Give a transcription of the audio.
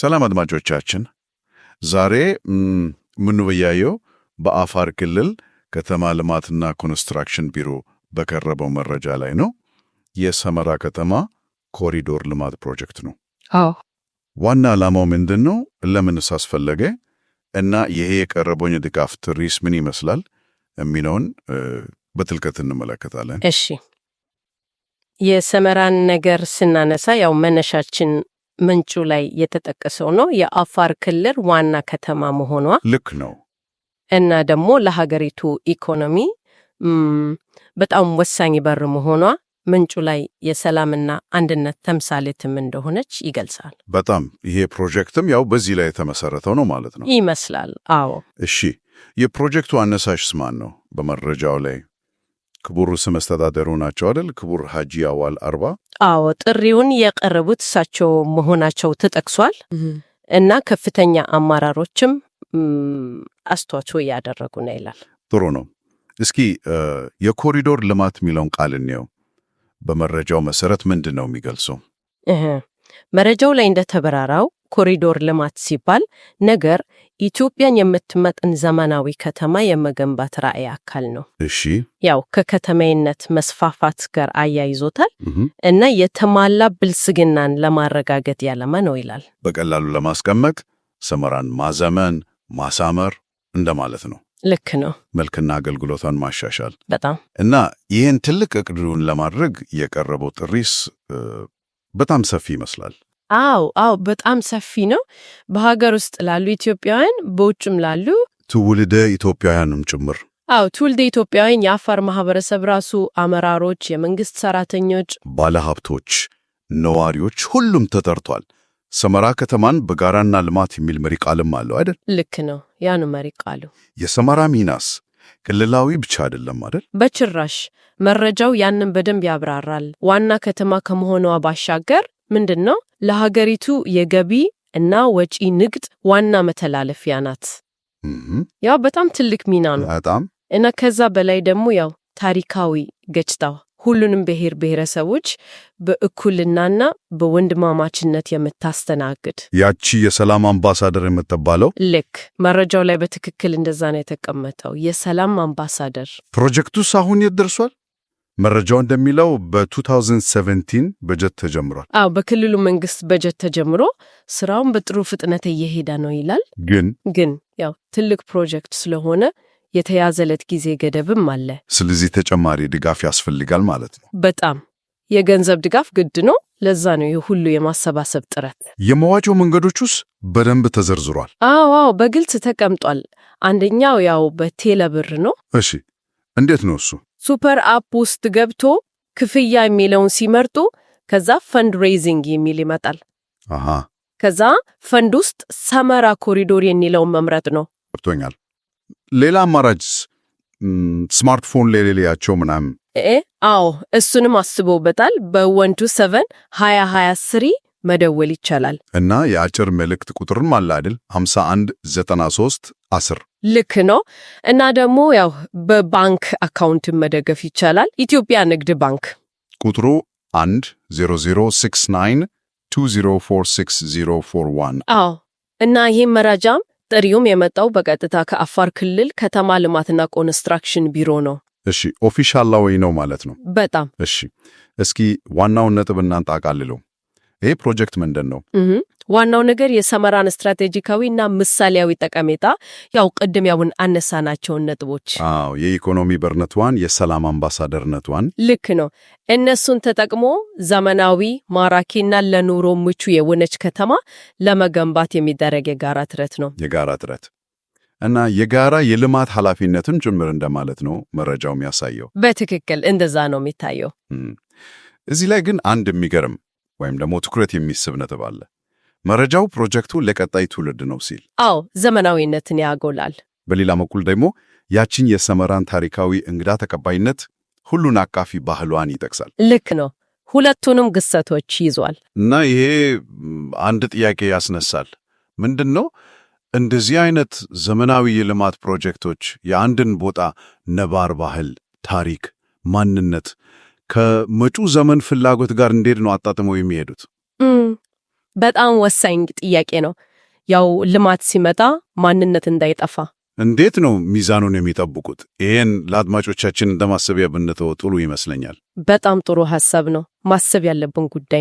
ሰላም አድማጮቻችን፣ ዛሬ የምንወያየው በአፋር ክልል ከተማ ልማትና ኮንስትራክሽን ቢሮ በቀረበው መረጃ ላይ ነው። የሰመራ ከተማ ኮሪዶር ልማት ፕሮጀክት ነው። አዎ፣ ዋና ዓላማው ምንድን ነው? ለምንስ አስፈለገ? እና ይሄ የቀረበውን የድጋፍ ትሪስ ምን ይመስላል የሚለውን በጥልቀት እንመለከታለን። እሺ፣ የሰመራን ነገር ስናነሳ ያው መነሻችን ምንጩ ላይ የተጠቀሰው ነው የአፋር ክልል ዋና ከተማ መሆኗ ልክ ነው እና ደግሞ ለሀገሪቱ ኢኮኖሚ በጣም ወሳኝ በር መሆኗ ምንጩ ላይ የሰላምና አንድነት ተምሳሌትም እንደሆነች ይገልጻል። በጣም ይሄ ፕሮጀክትም ያው በዚህ ላይ የተመሰረተው ነው ማለት ነው ይመስላል። አዎ። እሺ፣ የፕሮጀክቱ አነሳሽ ስማን ነው? በመረጃው ላይ ክቡር ስመስተዳደሩ ናቸው አይደል? ክቡር ሀጂ አዋል አርባ። አዎ ጥሪውን ያቀረቡት እሳቸው መሆናቸው ተጠቅሷል እና ከፍተኛ አመራሮችም አስተዋጽኦ እያደረጉ ነው ይላል። ጥሩ ነው። እስኪ የኮሪዶር ልማት የሚለውን ቃል እንየው። በመረጃው መሰረት ምንድን ነው የሚገልጸው? መረጃው ላይ እንደተበራራው ኮሪዶር ልማት ሲባል ነገር ኢትዮጵያን የምትመጥን ዘመናዊ ከተማ የመገንባት ራዕይ አካል ነው። እሺ፣ ያው ከከተማይነት መስፋፋት ጋር አያይዞታል እና የተሟላ ብልጽግናን ለማረጋገጥ ያለማ ነው ይላል። በቀላሉ ለማስቀመጥ ሰመራን ማዘመን፣ ማሳመር እንደማለት ነው። ልክ ነው። መልክና አገልግሎቷን ማሻሻል በጣም እና ይህን ትልቅ እቅዱን ለማድረግ የቀረበው ጥሪስ በጣም ሰፊ ይመስላል። አዎ አዎ፣ በጣም ሰፊ ነው። በሀገር ውስጥ ላሉ ኢትዮጵያውያን፣ በውጭም ላሉ ትውልደ ኢትዮጵያውያንም ጭምር አው ትውልደ ኢትዮጵያውያን የአፋር ማህበረሰብ ራሱ አመራሮች፣ የመንግስት ሰራተኞች፣ ባለሀብቶች፣ ነዋሪዎች ሁሉም ተጠርቷል። ሰመራ ከተማን በጋራና ልማት የሚል መሪ ቃልም አለው አይደል? ልክ ነው። ያኑ መሪ ቃሉ የሰመራ ሚናስ ክልላዊ ብቻ አይደለም አይደል? በጭራሽ። መረጃው ያንን በደንብ ያብራራል። ዋና ከተማ ከመሆኗ ባሻገር ምንድን ነው ለሀገሪቱ የገቢ እና ወጪ ንግድ ዋና መተላለፊያ ናት። ያው በጣም ትልቅ ሚና ነው። በጣም እና ከዛ በላይ ደግሞ ያው ታሪካዊ ገጭታው ሁሉንም ብሔር ብሔረሰቦች በእኩልናና በወንድማማችነት የምታስተናግድ ያቺ የሰላም አምባሳደር የምትባለው ልክ መረጃው ላይ በትክክል እንደዛ ነው የተቀመጠው። የሰላም አምባሳደር ፕሮጀክቱስ አሁን የት ደርሷል? መረጃው እንደሚለው በ2017 በጀት ተጀምሯል። አዎ በክልሉ መንግስት በጀት ተጀምሮ ስራውን በጥሩ ፍጥነት እየሄደ ነው ይላል። ግን ግን ያው ትልቅ ፕሮጀክት ስለሆነ የተያዘለት ጊዜ ገደብም አለ። ስለዚህ ተጨማሪ ድጋፍ ያስፈልጋል ማለት ነው። በጣም የገንዘብ ድጋፍ ግድ ነው። ለዛ ነው የሁሉ ሁሉ የማሰባሰብ ጥረት። የመዋጮ መንገዶች ውስጥ በደንብ ተዘርዝሯል። አዎ አዎ፣ በግልጽ ተቀምጧል። አንደኛው ያው በቴሌብር ነው። እሺ፣ እንዴት ነው እሱ? ሱፐር አፕ ውስጥ ገብቶ ክፍያ የሚለውን ሲመርጡ ከዛ ፈንድ ሬይዚንግ የሚል ይመጣል። አሃ፣ ከዛ ፈንድ ውስጥ ሰመራ ኮሪዶር የሚለውን መምረጥ ነው። ገብቶኛል። ሌላ አማራጭስ ስማርትፎን ለሌላቸው ምናምን? አዎ እሱንም አስቦበታል። በወንቱ ሰቨን ሀያ ሀያ ስሪ መደወል ይቻላል እና የአጭር መልእክት ቁጥርም አለ አይደል 51 10 ልክ ነው። እና ደግሞ ያው በባንክ አካውንትን መደገፍ ይቻላል። ኢትዮጵያ ንግድ ባንክ ቁጥሩ 1 0069 2046041 አዎ እና ይህም መረጃም ጥሪውም የመጣው በቀጥታ ከአፋር ክልል ከተማ ልማትና ኮንስትራክሽን ቢሮ ነው። እሺ ኦፊሻላዊ ነው ማለት ነው። በጣም እሺ። እስኪ ዋናውን ነጥብ እናንጣቃልለው። ይህ ፕሮጀክት ምንድን ነው? ዋናው ነገር የሰመራን ስትራቴጂካዊ እና ምሳሌያዊ ጠቀሜታ ያው ቅድም ያውን አነሳናቸውን ነጥቦች። አዎ የኢኮኖሚ በርነቷን፣ የሰላም አምባሳደርነቷን ልክ ነው። እነሱን ተጠቅሞ ዘመናዊ ማራኪና ለኑሮ ምቹ የሆነች ከተማ ለመገንባት የሚደረግ የጋራ ጥረት ነው። የጋራ ጥረት እና የጋራ የልማት ኃላፊነትም ጭምር እንደማለት ነው መረጃው የሚያሳየው። በትክክል እንደዛ ነው የሚታየው። እዚህ ላይ ግን አንድ የሚገርም ወይም ደግሞ ትኩረት የሚስብ ነጥብ አለ። መረጃው ፕሮጀክቱ ለቀጣይ ትውልድ ነው ሲል፣ አዎ ዘመናዊነትን ያጎላል። በሌላ በኩል ደግሞ ያችን የሰመራን ታሪካዊ እንግዳ ተቀባይነት፣ ሁሉን አቃፊ ባህሏን ይጠቅሳል። ልክ ነው። ሁለቱንም ግሰቶች ይዟል እና ይሄ አንድ ጥያቄ ያስነሳል። ምንድን ነው እንደዚህ አይነት ዘመናዊ የልማት ፕሮጀክቶች የአንድን ቦታ ነባር ባህል፣ ታሪክ፣ ማንነት ከመጪው ዘመን ፍላጎት ጋር እንዴት ነው አጣጥመው የሚሄዱት? በጣም ወሳኝ ጥያቄ ነው። ያው ልማት ሲመጣ ማንነት እንዳይጠፋ እንዴት ነው ሚዛኑን የሚጠብቁት? ይህን ለአድማጮቻችን እንደ ማሰቢያ ጥሩ ይመስለኛል። በጣም ጥሩ ሀሳብ ነው፣ ማሰብ ያለብን ጉዳይ